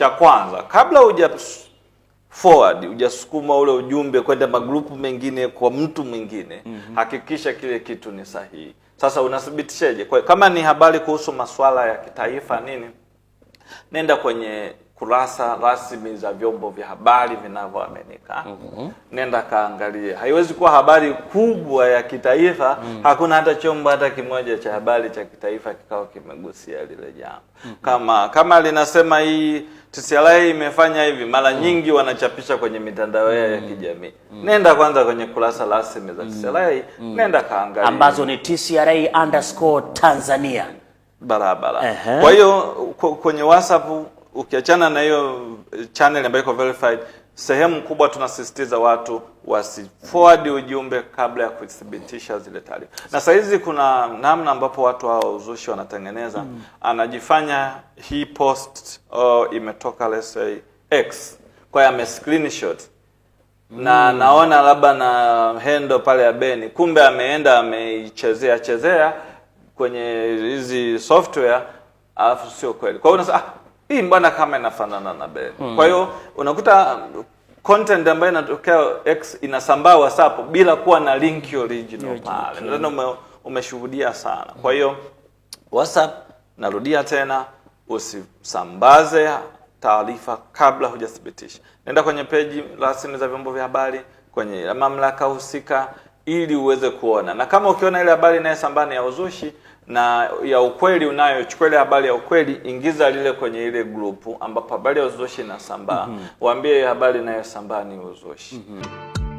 cha kwanza, kabla uja forward hujasukuma ule ujumbe kwenda magrupu mengine kwa mtu mwingine mm -hmm. Hakikisha kile kitu ni sahihi. Sasa unathibitishaje? Kwa kama ni habari kuhusu masuala ya kitaifa nini, nenda kwenye kurasa rasmi za vyombo vya habari vinavyoaminika mm -hmm. Nenda kaangalie. Haiwezi kuwa habari kubwa ya kitaifa mm -hmm. Hakuna hata chombo hata kimoja cha habari cha kitaifa kikao kimegusia lile jambo mm -hmm. Kama kama linasema hii TCRA imefanya hivi mara mm. nyingi wanachapisha kwenye mitandao yao mm. ya kijamii mm. Nenda kwanza kwenye kurasa rasmi za TCRA mm. mm. nenda kaangalia, ambazo ni TCRA underscore Tanzania barabara. Kwa hiyo kwenye WhatsApp ukiachana na hiyo channel ambayo iko verified sehemu kubwa tunasisitiza watu wasifoadi ujumbe kabla ya kuthibitisha zile taarifa, na saa hizi kuna namna ambapo watu hao uzushi wanatengeneza mm. Anajifanya hii post oh, imetoka let's say X, kwa hiyo ame screenshot mm. na hmm. naona labda na hendo pale ya Beni, kumbe ameenda ameichezea chezea kwenye hizi software, alafu sio kweli. Kwa hiyo unasema ah hii mbona kama inafanana na be mm. Kwa hiyo unakuta um, content ambayo inatokea X inasambaa WhatsApp bila kuwa na link original pale, ndio ume, umeshuhudia sana. Kwa hiyo WhatsApp, narudia tena, usisambaze taarifa kabla hujathibitisha. Nenda kwenye peji rasmi za vyombo vya habari, kwenye mamlaka husika ili uweze kuona, na kama ukiona ile habari inayosambana ya uzushi na ya ukweli unayochukua ile habari ya ukweli, ingiza lile kwenye ile grupu ambapo habari ya uzushi inasambaa. mm -hmm. Waambie habari inayosambaa ni uzushi. mm -hmm.